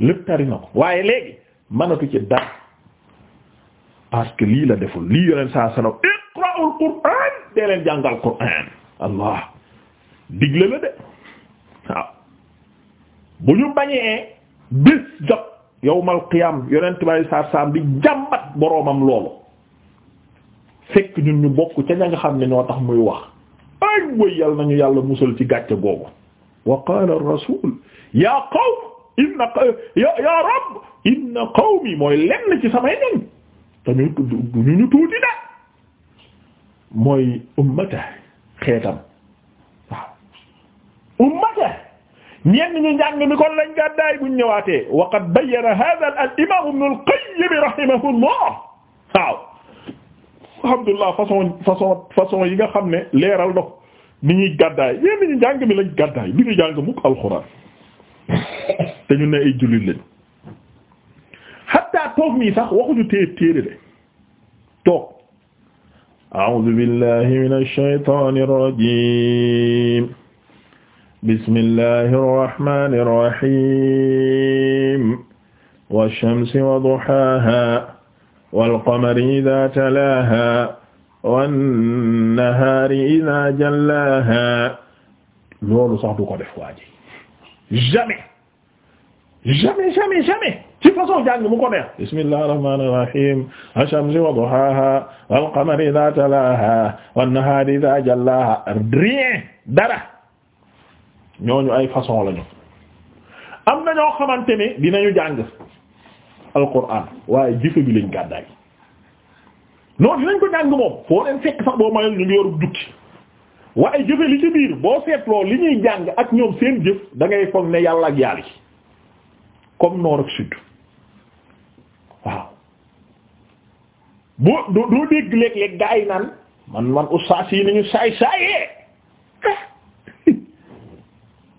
lépp tari na ko waaye léegi mënatu ci dara parce que lii la deful lii yoneen saa sanaw iqra'ul qur'an dee leen jàngal qur'an allah digle la de waaw bu ñu bañee bés jot yowmal qiyam yonent bay saa saam bi jàmbat boroomam loolu fekk ñun ñu bokk ca ña nga xam ne ñoo tax muy wax ay wëy yal nañu yàlla musal ci gàcce googu wa qaala ar-rasul inna ya ya rabb inna qawmi mooy lenn ci samay ñoñ dañu duñu ñu tuuti da mooy ummata xeetam waaw ummata ñenn ñu njàng mi kon lañ gàddaay buñ ñëwaatee wa qad bayyana hadha al imam ibn al qayyim rahimahullah waaw alhamdulillah façon façon façon yi nga xam ne leeral dox ni ñuy gàddaay ñenn ñu njàng mi lañ gàddaay bi ñu jàng mukk alxuraan te ñu ne ay jullit lañ hatta toog nii sax waxuñu téye téere de toog a'udhu billahi minash shaytanir rajim bismillahir rahmanir rahim wash-shamsi wa duhaha wal qamari idha talaha wan nahari idha jallaha loolu sax du ko def waaji jamais jamais jamais jamais ci façon jàng mu ko neex bismillah arrahman irrahim achamsi wa duhaha na ñoo xamante ne dinañu jàng alquran waaye jëfe bi lañ gàddaay non dinañ ko jàng moom foo leen fekk sax boo mayol ñu ngi yorub jukki waaye jëfe li ci biir boo seetloo li ñuy jàng ak ñoom seen jëf da foog ne yàlla ak yàlla comme nord ak sud waaw bu du dégg léeg-léeg gaa naan man man ustaas yi ni saay saayee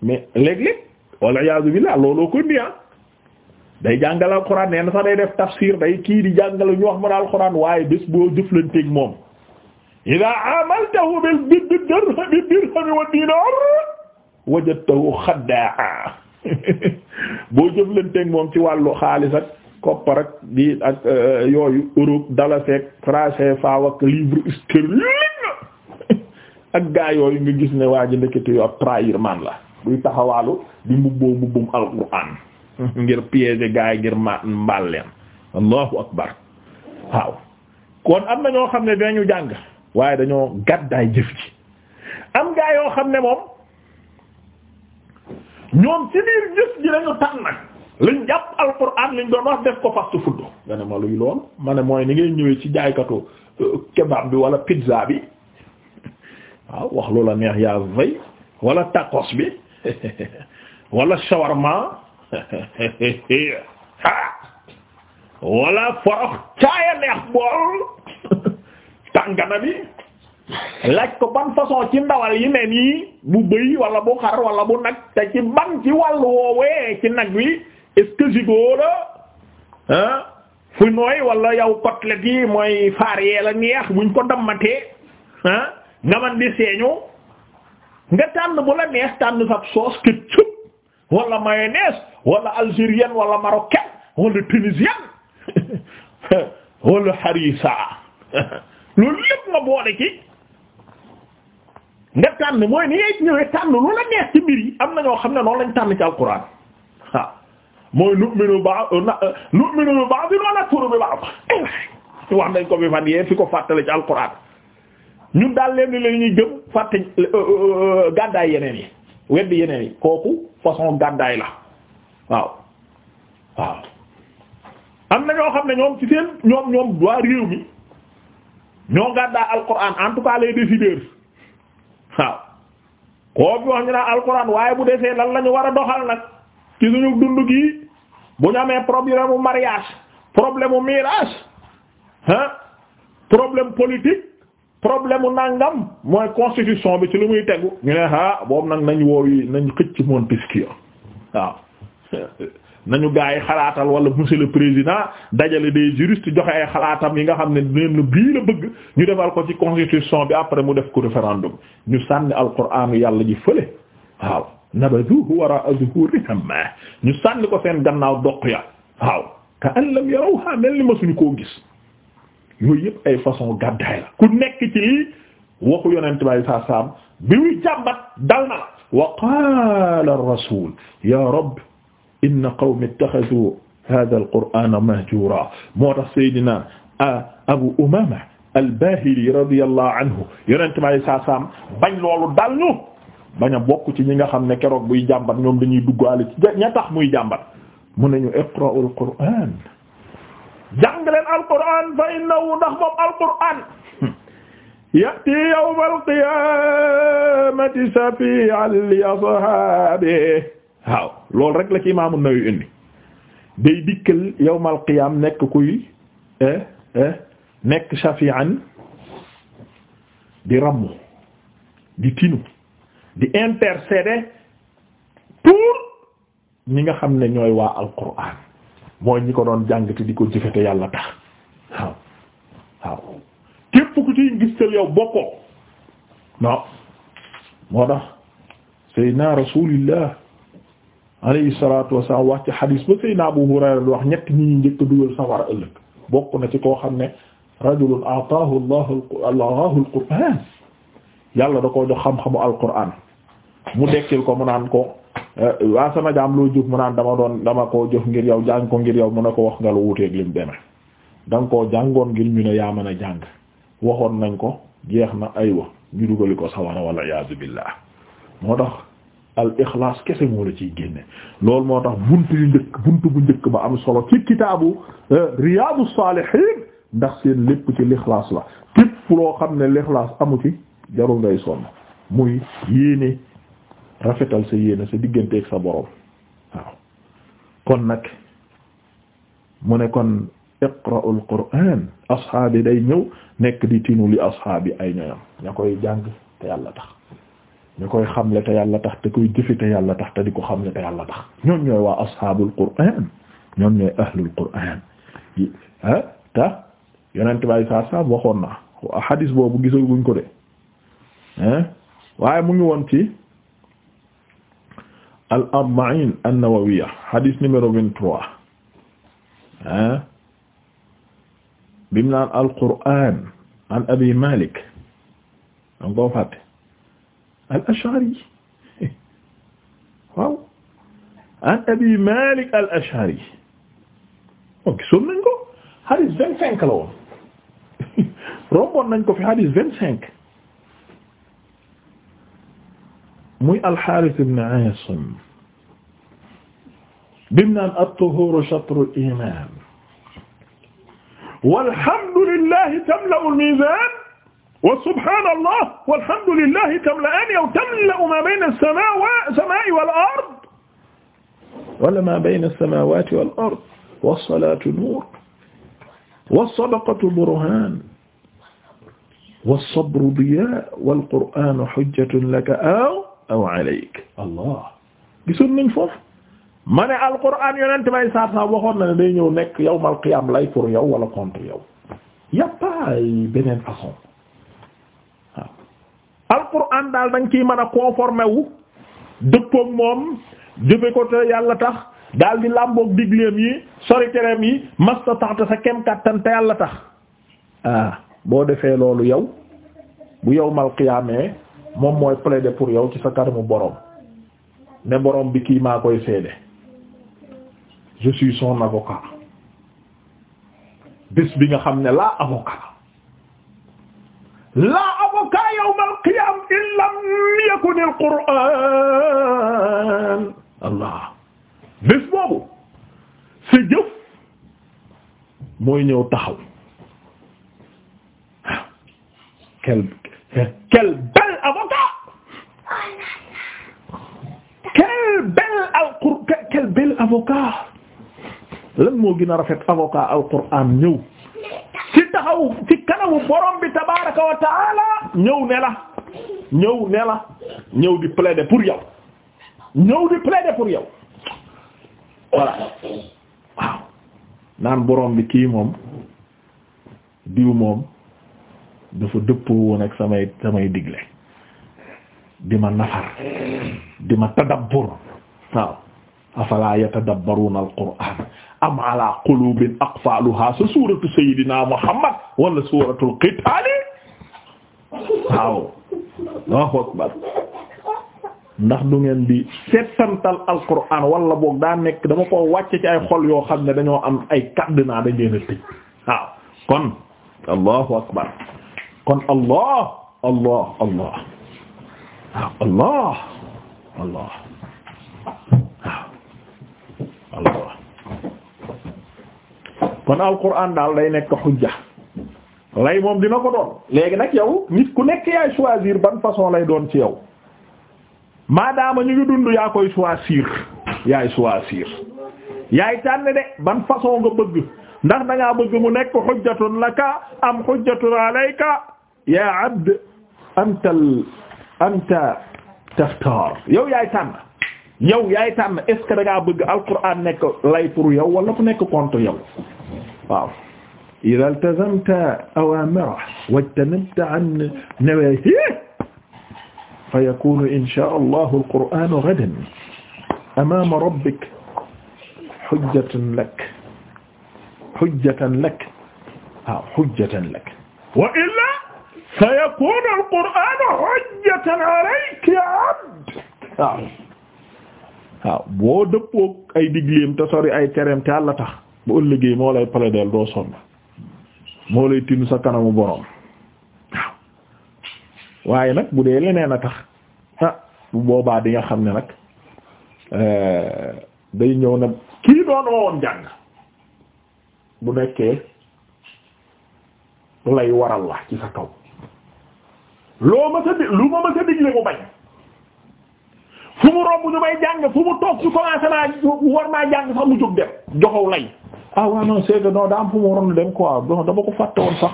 mais léeg-léeg walla iyaazu billaah looloo ko ndi ah day jàngale alxuraan nee na sax day def tafsir day kii di jàngale ñu wax mën a alxuraan waaye bés boo jëflanteeg moom idaa amaltahu bil dirham wa dinar wajadtahu xaddaa boo jëflanteeg moom ci wàllu xaalis ak koppar ak di ak euh, yooyu Europe dala seeg français faaw ak livre sterling ak gaa yooyu nga gis ne waa ji ndekete yoo ab trahir man la buy taxawaalu di mbubboo mbubbum alquran ngir piéger gaa yi ngir ma mbaal leen allahu akbar waaw kon am na ñoo xam ne dañu jàng waaye dañoo gàddaay jëf ji am gaa yoo xam ne moom ñoom ci biir gis ji lañu tànn nag lañ jàpp alquran lañ doon wax def ko fast food nga ma luy lool ma ne mooy ni ngay ñëwee ci jaaykatu euh, kebab bi wala pizza bi waaw wax lu la neex yaa vay wala tacos bi wala shawarma wala forox caaya neex bool tàngana bi laaj ko ban façon ci ndawal yi ne nii bu bëy wala bu xar wala bu nag te ci ban ci wàllu woowee ci nag wi est-ce que gigot la fu nooy wala yow côtelette yi mooy faar yee la neex buñ ko dammatee ah nga man di seeñu nga tànn bu la neex tànn sab sauce ketchup wala mayonnaise wala algérienne wala marocaine wala tunisienne wala harissa loolu lépp nga boole ci nga tànn mooy ni ngay ñëwee tànn lu la neex ci mbir yi am na ñoo xam ne noonu lañ tànn ci alquran waaw mooy nu'minu ba euh, euh, nu'minu bi ba'd wa nakfuru bi ba'd wax nañ ko bi fan yee fi ko fàttale ci alquran ñun daal leen la ñuy gëm fàtte euh, gàddaay yeneen yi weddi yeneen yi kooku façon gàddaay la waaw waaw am na ñoo xam ne ñoom ci seen ñoom ñoom waa réew mi ñoo gàddaa alquran en tout cas les décideurs waaw koo fi wax ñu naan alquran waaye bu desee lan la ñu war a doxal nag ci suñu dund gi bu ñu amee problème mu mariage problème mu mirage ah problème politique problème mu nangam mooy constitution bi ci lu muy tegu ñu ne ah boobu nag nañ woowi nañ xëcc Montesquieu waaw nañu gaa yi xalaatal wala monsieur le président dajale des juristes joxe ay xalaatam yi nga xam ne neen bii la bëgg ñu defal ko ci constitution bi après mu def ko référendum ñu sànni alquraan yàlla ji fële waaw nabaduhu wara'a zuhurihim ñu sànni ko seen gannaaw doq ya waaw ka an lam suñu koo gis yooyu yëpp ay façon gàddaay la ku nekk ci lii waxu yonent bay saa saam bi muy jàmbat dal na wa qaala ar-rasul ya inna qawmi ittaxadu hada alqur'ana mahjura moo tax saydina abu umama albahili radiallahu anhu yonente mi alay saa saam bañ loolu dal ñu bañ a bokk ci ñi nga xam ne keroog buy jàmbat ñoom dañuy duggaale ci ña tax muy jàmbat mu nañu iqra'u alqur'an jàng leen alqur'an fa innahu ndax moom alqur'an yati yawma alqiyamati shafi'an li ashabihi waaw loolu rek la ci imaamu Nawawi indi day dikkal yawmal qiyaam nekk kuy eh, eh, nekk shafi'an di rammu di tinu di intercéder pour ñi nga xam ne ñooy waa alquran mooy ñi ko doon jàngati di ko jëfete yàlla tax waaw waaw képp ku ciy gis tal yow bokkoo non moo tax sayyidina rasulillah alayhi salaatu wasalaam wax ci xadiis ba Seydina Abu Hurayra wax ñett ñi ñu njëkk a dugal safara ëllëg bokk na ci koo xam ne rajulun ataahu Allahu Allahu al-Qur'aan yàlla da koo jox xam-xamu al-Qur'aan mu dekkil ko mu naan ko eh, waa sama jaam loo jóg mu naan dama doon dama koo jox ngir yow jàng ko ngir yow mu ne ko wax nga lu wuuteeg lim deme danga koo jàngoon ngir ñu ne yaa mën a jàng waxoon nañ ko jeex na aywa ñu dugali ko sawara wala iyaazu billah moo tax. al ixlaas kese moo la ciy génne loolu moo tax bunt yu njëkk buntu bu njëkk ba am solo ci kitaabu eh, riyaadu saalihiin ndax seen lépp ci l'ixlaas la képp loo xam ne l'ixlaas amu ci jarul ngay sonn muy yéene rafetal sa yéene sa digganteeg sa borom waaw kon nag mu ne kon iqra'ul qur'aan ashaabi day ñëw nekk di tinu li ashaabi ay ñoñam ña koy jàng te yàlla tax ñu koy xamle te yàlla tax te koy jëfe te yàlla tax te di ko xamle te yàlla tax ñoom ñooy waa ashaabul qur'aan ñoom ñooy ahlul qur'aan ah te yonent bay saa saa waxoon na hadis boobu gisaguñ ko de waaye mu ngi woon ci al arba'in an-nawawiyya hadis numéro vingt-trois ah bim naan al qur'aan an abi malik danga koo fàtte al ashari waaw an abi malik al ashari moom gisoon nañ ko hadis vingt cinq la woon romboon nañ ko fi hadis vingt cinq muy alxaaris ibn aasim bim naan at-tuhuuru shatrul iimaan wal hamdu lillaahi tamla'ul miizaan wa subhaanallah walhamdulillahi tamla'aani aw tamla'u maa bayna as-samaa'i wal ard wala maa bayna as-samaawaati wal ard was-salaatu nuur was-sadaqatu burhaan was-sabru diyaa' wal-qur'aanu hujjatun laka aw aw alayk allah gisoon nañ foofu ma ne alqur'aan yonent may saar saa waxoon na ne day ñëw nekk yawmal qiyaam lay pour yow wala contre yow y a pas beneen façon alquran daal dañ ciy mën a conformé wu dëppook moom jëfe ko te yàlla tax daal di làmboog digleem yi sori tereem yi masta tax te sa kem kàttan te yàlla tax ah boo defee loolu yow bu yow qiyaamee moom mooy plaider pour yow ci sa kanamu borom ne borom bi kii maa koy seede je suis son avocat bi nga xam ne laa avocat laa avocat yawmal qiyaam in lam yakunil qur'aan allah bés boobu sa jëf mooy ñëw taxaw quel quel bel al quel bel avocat lan moo gën a rafet avocat al qur'aan ñëw ci taxaw ci kanamu borom bi tabaraka wa taala ñëw ne la ñëw ne la ñëw di yow ñëw di plaider pour yow voilà naan borom bi kii moom diw moom dafa dëppoo woon samay samay digle di ma nafar di ma tadabbur waaw afala yatadabbaruna al qur'an am ala qulubin aqfaluha sa suuratu sayyidina Muhammad wala suuratul qitaal waaw Allahu akbar ndax du ngeen di settantal alquran wala boog daa nekk dama ko wàcce ci yoo xam ne dañoo am ay kàdd naa dañ kon allah allah allah allah allah kon alquran daal day nekk xujja lay moom dina ko doon léegi nag yow nit ku nekk yaay choisir ban façon lay doon ci yow maadaama ñu ngi dund yaa koy choisir yaay choisir yaay tànn de ban façon nga bëgg ndax da ngaa bëgg mu nekk xujjatun laka am xujjatun alayka ya abd anta taftar yow yaay tànn yow yaay tànn est ce que da ngaa bëgg alquran nekk lay pour yow wala mu nekk contre yow waaw ida altazamta awamira wajtanabta an nawahi fa yakunu insha allahu alquranu gadan amama rabbik hujjatan lak hujjatan lak waaw hujjatan lak wa illa sayakunu alquranu hujjatan alayk ya abd waaw waaw boo dëppoo ay digleem te sori ay tereem te Yàlla tax bu liggéey moo lay plaidel doo sonn moo lay tinu sa kanamu boroom waaye nag bu dee leneen a tax boobaa di nga xam ne nag eh, day ñëw na kii doon woon jàng bu nekkee lay waral la ci sa kaw loo ma sa di lu ma ma sa digle mu bañ fu mu romb ñu may jàng fu mu toog ñu commencé naa war maa jàng sax mu jóg dem joxow lay ah waaw non c'est que daa am fu mu waroon dem quoi non dama ko fàtte woon sax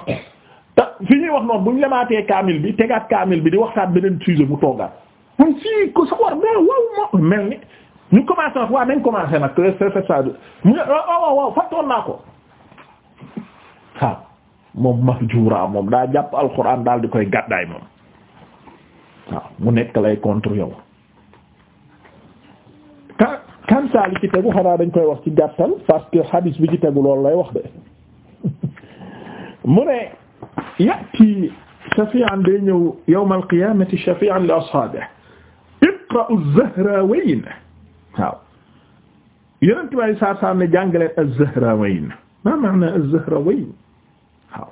fi ñuy wax noonu bu ñu lemaatee kaamil bi tegaat kaamil bi di waxtaan beneen sujet mu toogaat man si ko sax war mais waaw mel ni ñu commencé nag waaw nañ commencé nag c'est ça mu moom mahjura jàpp alxuraan daal di koy gàddaay mu nekk lay contre yow kantaal yi ci tegu xanaa dañ koy wax ci gàttal parce que hadis bi ci tegu loolu lay wax de mu ne yati shafi'an day ñëw yawmal qiyaamati shafi'an li ashaabihi iqra'u az-zahrawayn waaw yeneen tubaab yi saa saa ne jàngaleen az-zahrawayn maa ma'naa az-zahrawayn waaw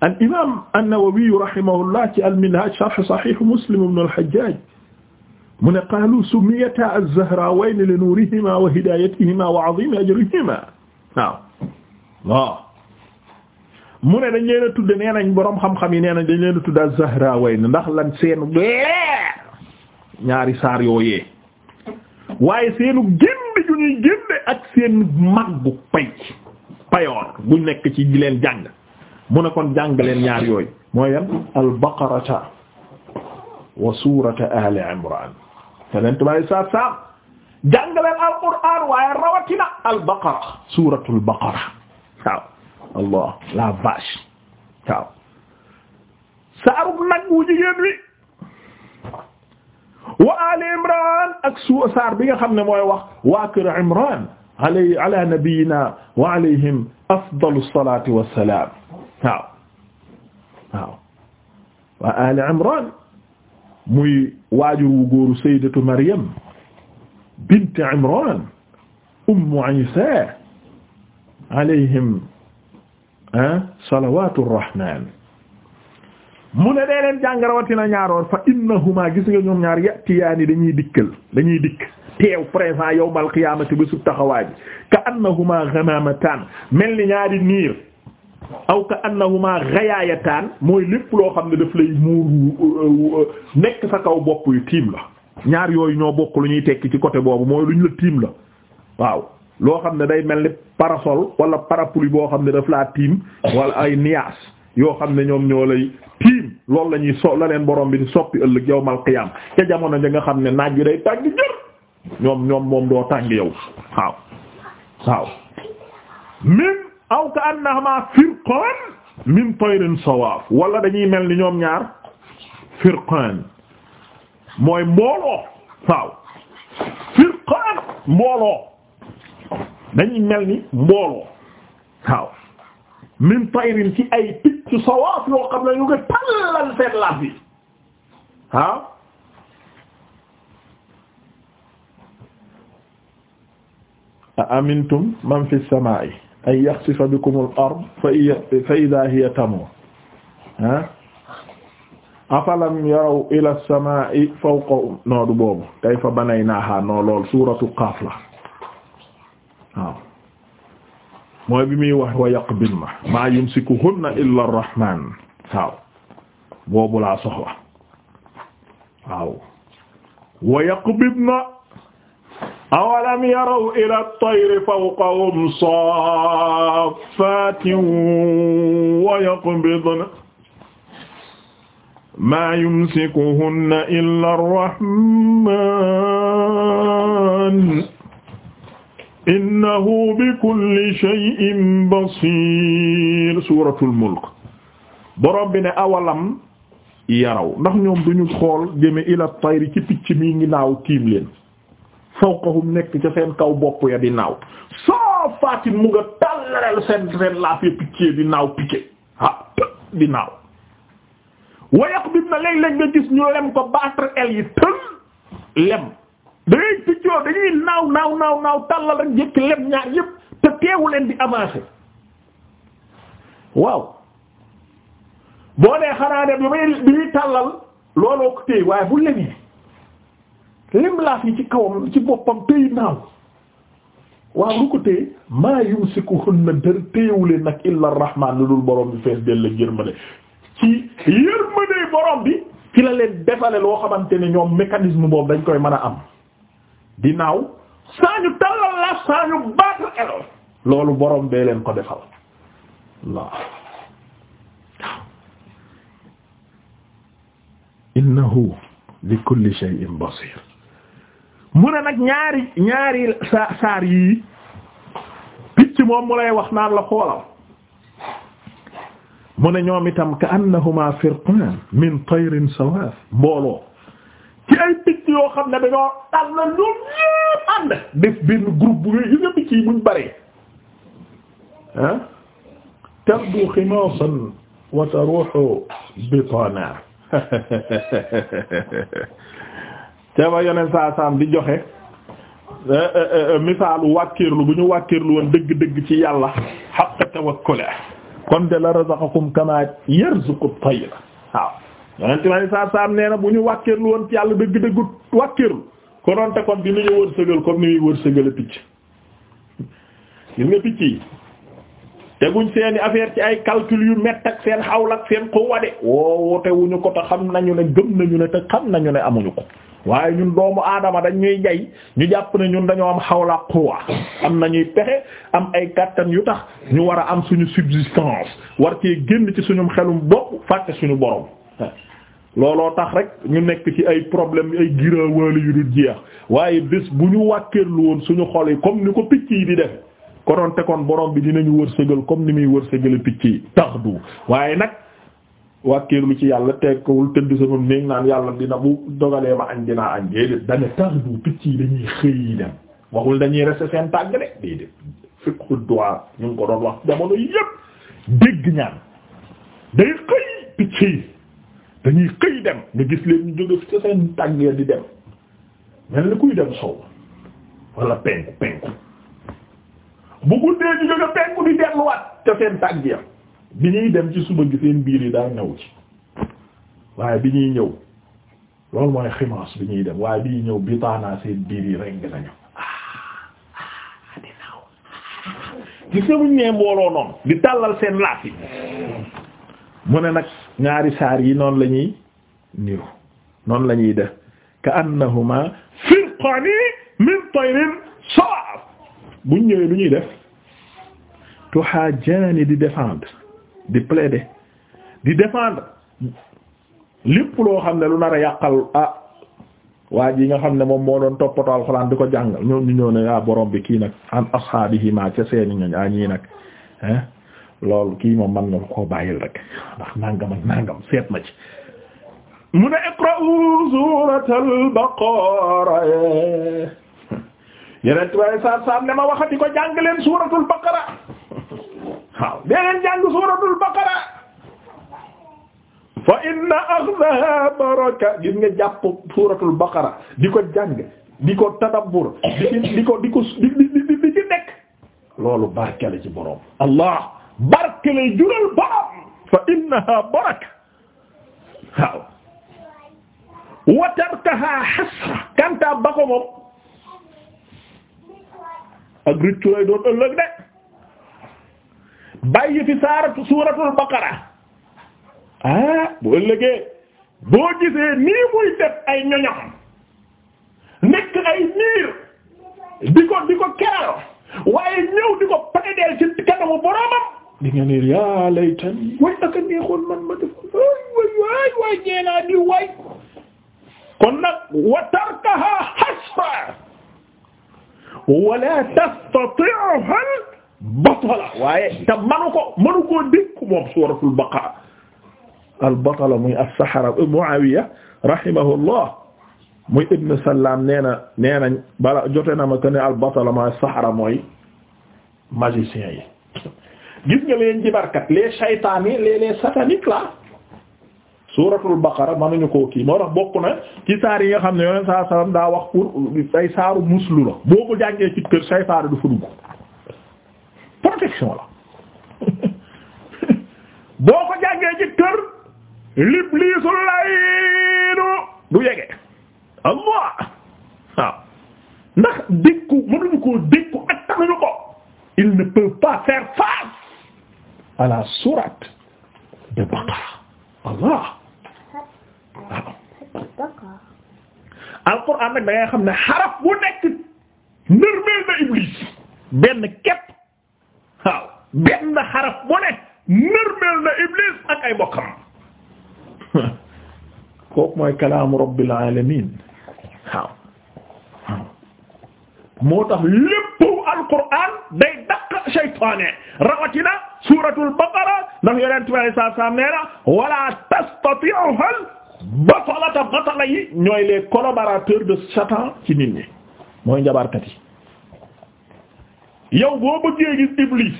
al imaam an-Nawawi rahimahullah ci al-Minhaaj sharh Sahih Muslim ibn al-Hajjaj mu ne qaalu summiyata az-Zahraawayni li nuurihimaa wa hidaayatihimaa wa aziimi ajrihimaa waaw waaw mu ne dañ leen a tudde nee nañ boroom xam-xam yi nee nañ dañ leen a tudde az-Zahraawayni ndax lan seenu leer ñaari saar yooyee waaye seenu génn ju ñuy génne ak seen mag bu pay payoor bu nekk ci di leen jàng mu ne kon jàng leen ñaar yooyu mooy yan al-Baqarata wa suurata Aali Imraan yeneen tubaab yi saa saam jàngaleen alquran waaye rawatina albaqara suuratul baqara waaw allah la vache waaw saarub nag wu jigéen wi wa ali imran ak su saar bi nga xam ne mooy wax waa kër imran alay ala nabiyina wa alayhim afdalu salati wassalam waaw waaw wa ali imran muy waajur wu góoru sayyidatu Maryam bint Imran ummu Isa alayhim ah, salawatu rahman mu ne dee leen jàng rawatina ñaaroon fa innahuma gis nga ñoom ñaar yatiyaani dañuy dikkal dañuy dikk teew présent yawmal qiyaamati ba sub taxawaaji ka annahuma ghamaamatan mel ni ñaari niir aw ka annahuma ghayaayataan mooy lépp loo xam ne daf lay muur nekk sa kaw bopp yu tiim la ñaar yooyu ñoo bokk lu ñuy tekki ci côté boobu mooy lu ñu la tiim la waaw loo xam ne day mel ni parasol wala parapluie boo xam ne daf laa tiim wala ay niyaas yoo xam ne ñoom ñoo lay tiim loolu la ñuy so la leen borom bi di soppi ëllëg yawmal qiyaam ca jamono ja nga xam ne naaj bi day tàng jër ñoom ñoom moom doo tàng yow waaw waaw. aw ka annahuma firqan min tayrin sawaaf wala dañuy mel ni ñoom ñaar firqan mooy mbooloo waaw firqan mbooloo dañuy mel ni mbooloo waaw min tayrin ci ay picc sawaaf yoo xam ne ñu ngi tallal seen laaf yi waaw a amintum man fi samaa'i an yaxsifa bikumul ard fa idaa hiya tamuur ah afalam yaraw ila samaa'i fawqahum noodu boobu kayfa banaynaahaa noo lool suuratu qaaf la waaw mooy bi muy wax wa yaqbidna maa yumsikuhunna illa arrahmaan waaw boobu laa soxla waaw wa yaqbidna awalam yaraw ila at-tayri fawqahum saffatin wa yaqbidna ma yumsikuhunna illa ar-rahman innahu bikulli shay'in basir suratul mulk borom bi ne awalam yaraw ndax ñoom duñu xool jëme ila at-tayri ci picc mi ngi naaw tiim leen fawqahum nekk ca seen kaw bopp ya di naaw saafatin mu nga tàllareel seen seen laaf piccé di naaw piqué ah di naaw wayaqbid na léeg-léeg nga gis ñu lem ko battre el yi tël lem dangay piccoo dañuy naaw naaw naaw naaw tàllal rek jëkk lem ñaar yépp te teewu leen di avancer waaw boo nee xanaa ne bi muy bi muy tàllal looloo ko téye waaye bu lemee limlaaf yi ci kawam ci boppam tëy naaw waaw lu ko téye maa yumsikuhunna dër téyewuleen nag illa rahmaan lu dul borom bi fees dell ak yërmande ci yërmande borom bi ci la leen defale loo xamante ni ñoom mécanisme boobu dañ koy mën a am di naaw saa ñu tallal la saa ñu baatu eloon loolu borom bee leen ko defal waaw innahu bi kulli shay'in mu ne nag ñaari ñaari sa saar picc moom mu lay wax naan la xoolal mu ne ñoom itam min tayrin sawaaf mbooloo ci ay picc yoo xam ne dañoo tal na ñoom ñépp ànd def benn groupe bu ngay gis yi buñ bëree ah? tardu ximaasan wa taruhu bitana te ba yeneen saa saam di joxe eh, eh, eh, misaalu wàkkirlu bu ñu wàkkirlu woon dëgg-dëgg ci yàlla wa tawakkul kon de la razaqakum kama yarzuqu at-tayr waaw yeneen tamit saa saam nee na bu ñu wàkkirlu woon yàlla dëgg-dëggu wàkkirlu konoon te kon dinañu wërsëgal comme ni muy wërsëgale picc gis nga picc yi teguñ seeni affaire ci ay calcul yu mett ak seen xawla ak seen quwwa de woowote wuñu ko te xam nañu ne gëm nañu ne te xam nañu ne amuñu ko. waaye ñun doomu aadama dañ ñuy jay ñu jàpp ne ñun dañoo am xawla quwa am nañuy pexe am ay kàttan yu tax ñu war a am suñu subsistance war cee génn ci suñu xelum bopp fàtte suñu borom looloo tax rek ñu nekk ci ay problème ay giraawaale yu dul jeex waaye bés bu ñu wàkkeerlu woon suñu xol yi comme ni ko picc yi di def konoon te borom bi dinañu wërsëgal comme ni muy wërsëgale picc yi tax du waaye nag wàkkiirlu ci yàlla tekkul tëdd sama néeg naan yàlla dina bu dogalee ma añ dinaa añ déedéet dane taxdu picc yi dañuy xëy yi dem waxul dañuy rester seen tàgg de déedéet ngi ko doon wax jamono yépp dañuy dem nga gis leen ñu di dem mel ni kuy dem sow wala penku penku bu guddee ñu jóge penku di delluwaat ca seen tàgg ya bi ñuy dem ci suba gi seen biir yi daa ñëw ci waaye bi ñuy ñëw loolu mooy ximaas bi ñuy dem waaye bi ñuy ñëw bitaanaa seen biir yi reng nañu ci semuñ nee mbooloo noonu di tàllal seen laaf mu ne nag ñaari saar yi noonu la ñuy niru noonu lañuy ñuy def ka annahuma firqani min tayrin sawaaf buñ ñëwee lu ñuy def tuhaajani di défendre di plaider di défendre lépp loo xam ne lu nar a yàqal ah waa ji nga xam ne moom moo doon toppatoo alxuraan di ko jàngal ñoom ñu ñëw ne yaa ah, borom bi kii nag an ashaabihi ma ca seeni ñoñ ah ñii nag ah loolu kii moom man nga koo bàyyil rek ndax nangam ak nangam seet ma ci. mu ne iqra'u suuratal baqara yeneen tubaab yi saa saa ne ma waxati ko jàng leen suuratul baqara. waaw dee leen jàng suuratul baqara fa inna baraka gis nga jàpp suuratul di ko jàng di ko tadabbur di ci di ko di ko di di di ci nekk loolu barkele ci jural boroom fa baraka waaw wa hasra kanta ba ko moom ak rëccu lay doon ëllëg bàyyi fi saaratu suuratul baqara ah bu ëllëgee boo gisee nii muy def ay ñoñam nekk ay niir di ko di ko keral di ko paideel ci kanamu boromam di yaa laytani way ak a neexoon man ma def waay waay waay waay ñeenaa di waay kon nag wa tarkaha hasra wala tastati'uha batala waaye te manu ko manu koo dékk moom suuratul baqara al batala muy as-sahara euh, Muawiya rahimahullah muy ibn Sallaam nee na nee nañ bala jote na ma que ne al batala mooy sahara mooy magicien yi gis nga leen jibarkat les shaytaan yi les les sataniques là suuratul baqara mënuñu koo kii moo tax bokk na ci saar yi xam ne yoneen saa sallam daa wax pour saaru muslu la boo ko jàngee ci kër saytaane du fa dugg correction la boo ko jàngee ci kër laynu du yege allah waaw ndax dékku mënuñu koo dékku ak tanuñu ko il ne peut pas faire face à la de Baqara allah waaw alquran nag da ngay xam ne na iblis benn képp waaw benn xaraf bu ne nërmeel na Iblis ak ay bokkam kooku mooy kalaamu rabbil alamin moo tax lépp alquran day daq shaytaane rawatina suuratul baqara ndax yonent bi saa saa nee na wala tastati'uhal batalata batala yi ñooy les collaborateurs de satan ci nit ñi mooy njabarkat yi yow boo bëggee gis iblis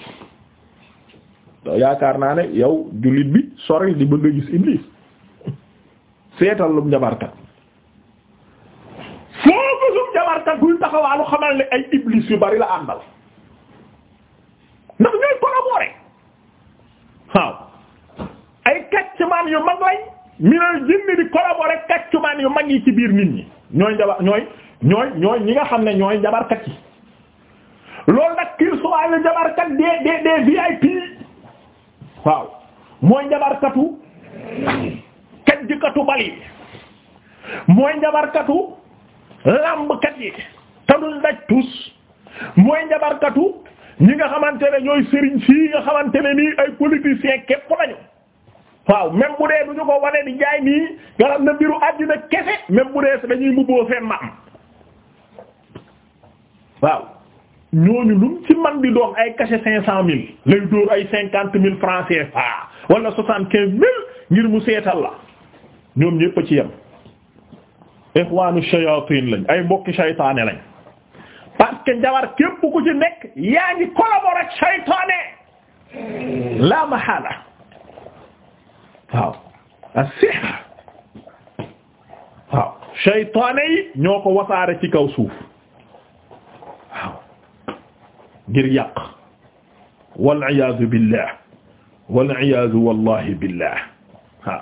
yaakaar naa ne yow jullit bi sori di bëgg a gis iblis seetal lu njabarkat foo gisum njabarkat buy taxawaalu xamal ne ay iblis yu bari la àndal ndax ñooy collaborer waaw ay kàccumaan yu mag lañ minal jinni di collaborer kàccumaan yu mag yi ci biir nit ñi ñooy njabar ñooy ñooy ñooy ñi nga xam ne ñooy njabarkat yi loolu nag qu'il soit le jabarkat des des des VIP waaw mooy jabarkatu kajjkatu bal yi mooy jabarkatu làmbkat yi tadul daj tus mooy jabarkatu ñi nga xamante ne ñooy sëriñ sii nga xamante ne nii ay politiciens képp lañu waaw même bu dee duñu ko wane di jaay nii nga xam ne mbiru àddina kese même bu dee dañuy mbubboo seen maam waaw ñooñu lum ci man di doon ay cinquante mille francs CFA wala soixante quinze mille ngir mu seetal la ñoom ñépp a ci yem ixwaanu shayatin lañ ay mbokki shaytaane lañ parce que njabar képp ku ci nekk yaa ngi collaborer ak shaytaane la mahala waaw asiha waaw shaytaane yi ñoo ko wasaare ci kaw suuf ngir yàq wal iyaazu billah wal iyaazu wallahi billah ha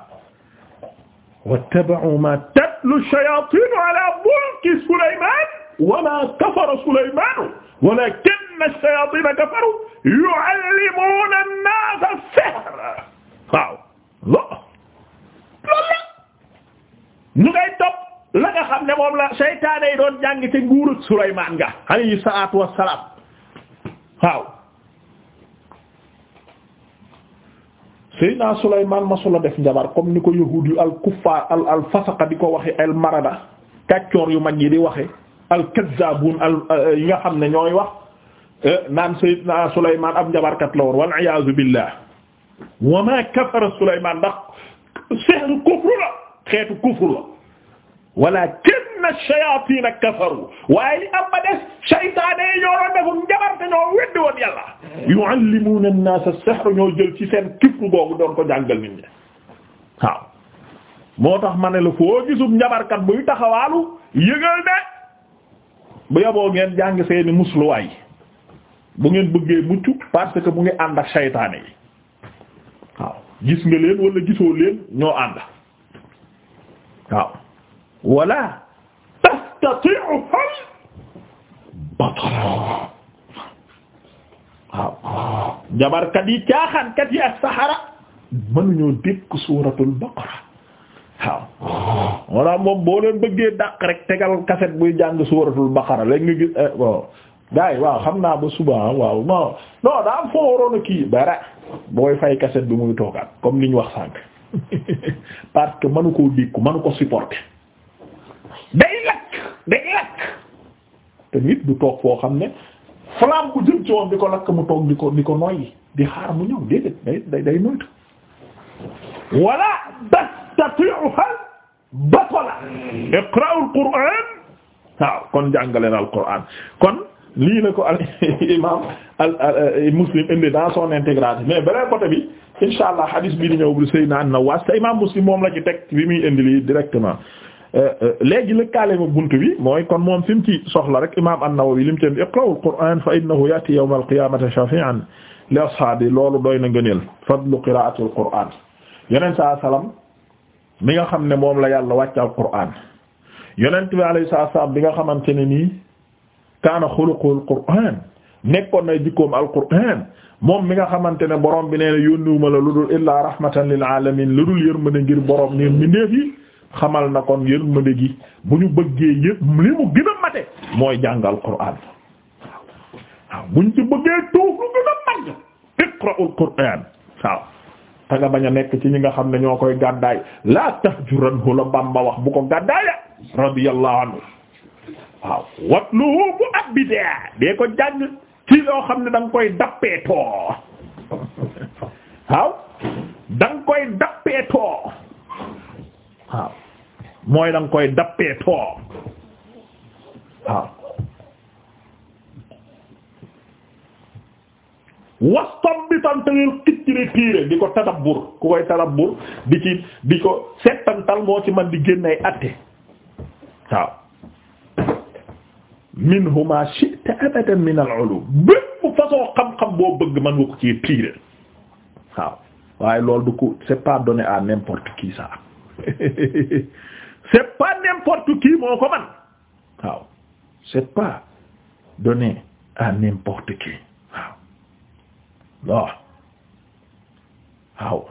wattaba'u ma tatlu ash-shayatin ala mulki Sulayman wa ma kafara Sulayman walakinna ash-shayatina kafaru yu'allimuna an-nasa as-sihr waaw loolu la ñu ngay topp la nga xam ne moom la seytaane yi doon jàng te nguuru Sulayman nga alayhi salaatu wassalaam waaw Seydina Sulaymaan masula def njabar comme ni ko yahuud yu al kuffaar al al fasaqa di ko waxe al marada kàccoor yu mag yi di waxe al kazzaabuun euh, al yi nga xam ne ñooy wax euh, naan Seydina Sulaymaan ab njabarkat la woon wal iyaazu billaah wa maa kafara Sulaymaan ndax seeru kufru la xeetu kufru la walaakin inna shayaatiina kafaru waaye li am ba des saytaane yi ñoo doon defum njabar te ñoo weddi woon yàlla yuallimuuna an-naasa as-sihr ñoo jël ci seen kifru boobu doon ko jàngal nit ñi waaw moo tax ma ne la foo gisum njabarkat buy taxawaalu yëgal de bu yaboo ngeen jàng seeni musluwaay bu ngeen bëggee mucc parce que mu ngi ànd ak saytaane yi waaw gis nga leen wala gisoo leen ñoo ànd waaw wala yastati'u ah, ah. jabarkat yi caaxaankat yi ak saxara mënuñoo dékk suuratul baqara ah, waaw moom boo leen bëggee dàq rek tegal kaset buy jàng suuratul baqara léegi nga gis eh, bon waaw xam naa ba suba waaw non non daa am foo waroon a kii dara booy fay kaset bi muy toogaat comme liñ wax sànk parce que mënu koo dékku mënu ko supporter day lakk day lakk te nit du toog foo xam ne flamme bu jëm ci di ko lakk mu toog di ko di ko noyyi di xaar mu ñëw déedéet day day day moytu wala tastati'uha batala iqra'ul qur'an waaw kon jàngaleen al qur'an kon lii la ko al imam muslim indi dans son intégralité mais beneen côté bi inshallah hadith bi di ñëw bu Seydina An-Nawwas te imam muslim moom la ci teg bi muy indi lii directement léegi lëkkaale ma bunt bi mooy kon moom fi mu ci soxla rek imam an-Nawawi li mu ci iqra'ul Qur'an fa innahu ya'ti yawma al-qiyamati shafi'an li ashaabi loolu doy na ngëneel fadlu qira'atil Qur'an yeneen saa salaam mi nga xam ne moom la yàlla wàccal Qur'an yonent bi alayhi salaam bi nga xamante ne nii kaana xuluqul na jikkoom al moom mi nga xamante ne borom bi nee na lu dul illaa rahmatan lil alamin lu dul yërmande ngir borom ñun mi xamal na kon yërmande gi bu ñu bëggee yëpp li mu gën a mate mooy jàngal Qur'an waaw ci bëggee tuuf lu gën a mag iqra'ul waaw ta nga bañ a nekk ci ñi nga xam ne ñoo koy gàddaay la tahjuranhu la Bamba wax bu ko gàddaaya radiyallahu anhu waaw watluhu bu abida dee ko jàng ci loo xam ne da nga koy dappeetoo waaw da nga koy dappeetoo waaw mooy da koy dappee toog waaw bi tantalil kicciri tiire di ko tadabbur ku koy tadabbur di ci di ko settantal moo ci man di génn ay atte waaw min huma shi'ta abadan min al-ulum bépp façon xam-xam boo bëgg man nga ci tiire waaw waaye loolu du ko c'est pas donné à n'importe qui c'est pas n'importe qui moo ko man waaw c'est pas donné à n'importe qui waaw waaw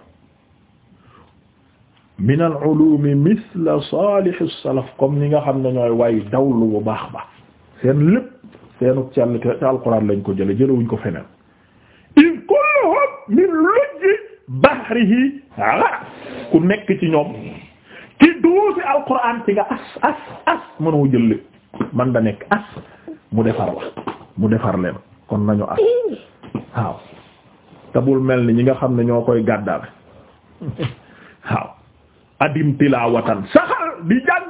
min al ulumi misla salih salaf comme ñi nga xam ne ñooy way dawlu bu baax ba seen lépp seenu càll ca alquran lañ ko jële jëlewuñ ko feneen in kulluhum min lujji bahrihi ku nekk ci ñoom suusi alquran ci nga as as as mënoo jël lépp man da nekk as mu defar la mu defar leen kon nañu as waaw te mel ni ñi nga xam ne ñoo koy gàddal waaw adim tilawatan saxal di jàng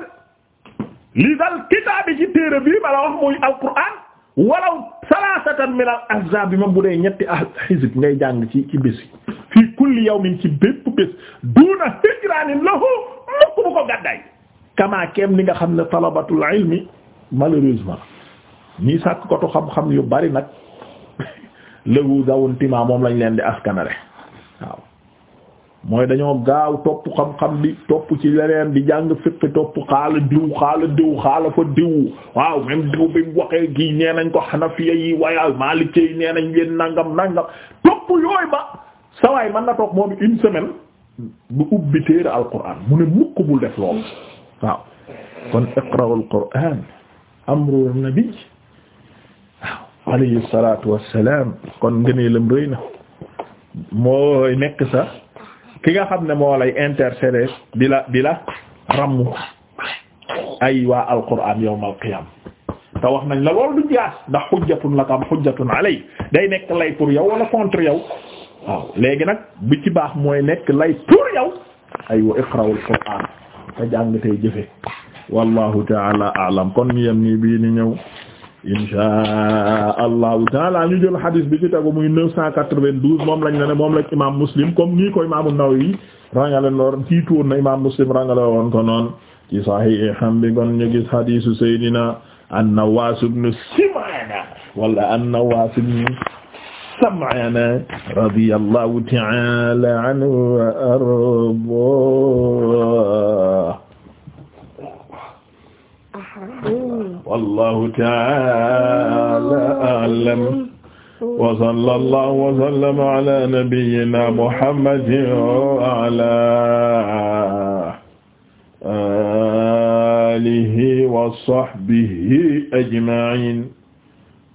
li dal kitaabi ci téere bii ma wax muy alquran walaw salasatan min al ahzab bi moom bu dee ñetti ah ngay jàng ci ci bés yi fii kulli yawmin ci bépp bés duuna hijranin lahu mukk bu ko gàddaay kamaa kem nga xam ne talabatul ilmi malheureusement ñii sàkk kotu xam-xam yu bari nag lëwu dawun timaa moom lañ leen di askanare waaw mooy dañoo gaaw topp xam-xam bi topp ci leneen di jàng fiq topp xaala diw xaala diw xaala fa diw waaw même diw bi mu gii nee nañ ko xanafiya yi waaye maalikee yi nee nañ leen nangam nangam topp yooyu ba sawaay mën na toog moom une semaine bu ubbi téere alquran mu ne mukk bul def lool waaw kon iqra'ul qur'an amru nabi kon ngëneelam rëy na mooy nekk sa ki nga xam ne moo lay intercéder di la di la ramm ay waa alquran yawmal qiyam te wax nañ la lool du jaas ndax xujjatun laka am xujjatun alay day nekk lay pour yow wala contre yow waaw léegi nag bi ci baax mooy nekk lay pour yow aywa iqrawul qur'aan te jàng tey jëfe wallahu taala aalam kon ñu yem nii bii ni ñëw inshaa allahu taala ñu jël hadis bi ci tegu muy neuf cent quatre-vingt-douze moom lañ la ne moom lañ imam muslim comme nii ko imaamu Nawawi rangale noon tiitoon na imam muslim rangale woon ko noon ci sahiham bi kon ñu gis hadisu seydina an-Nawwaas ibn Simaana wala an-Nawwaas ibn Sam'aana radiyallahu ta'ala anhu wa ardaahu wallahu ta'ala a'lam wa sallallahu wa sallama ala nabiyyina Muhammadin wa ala alihi wa sahbihi ajma'in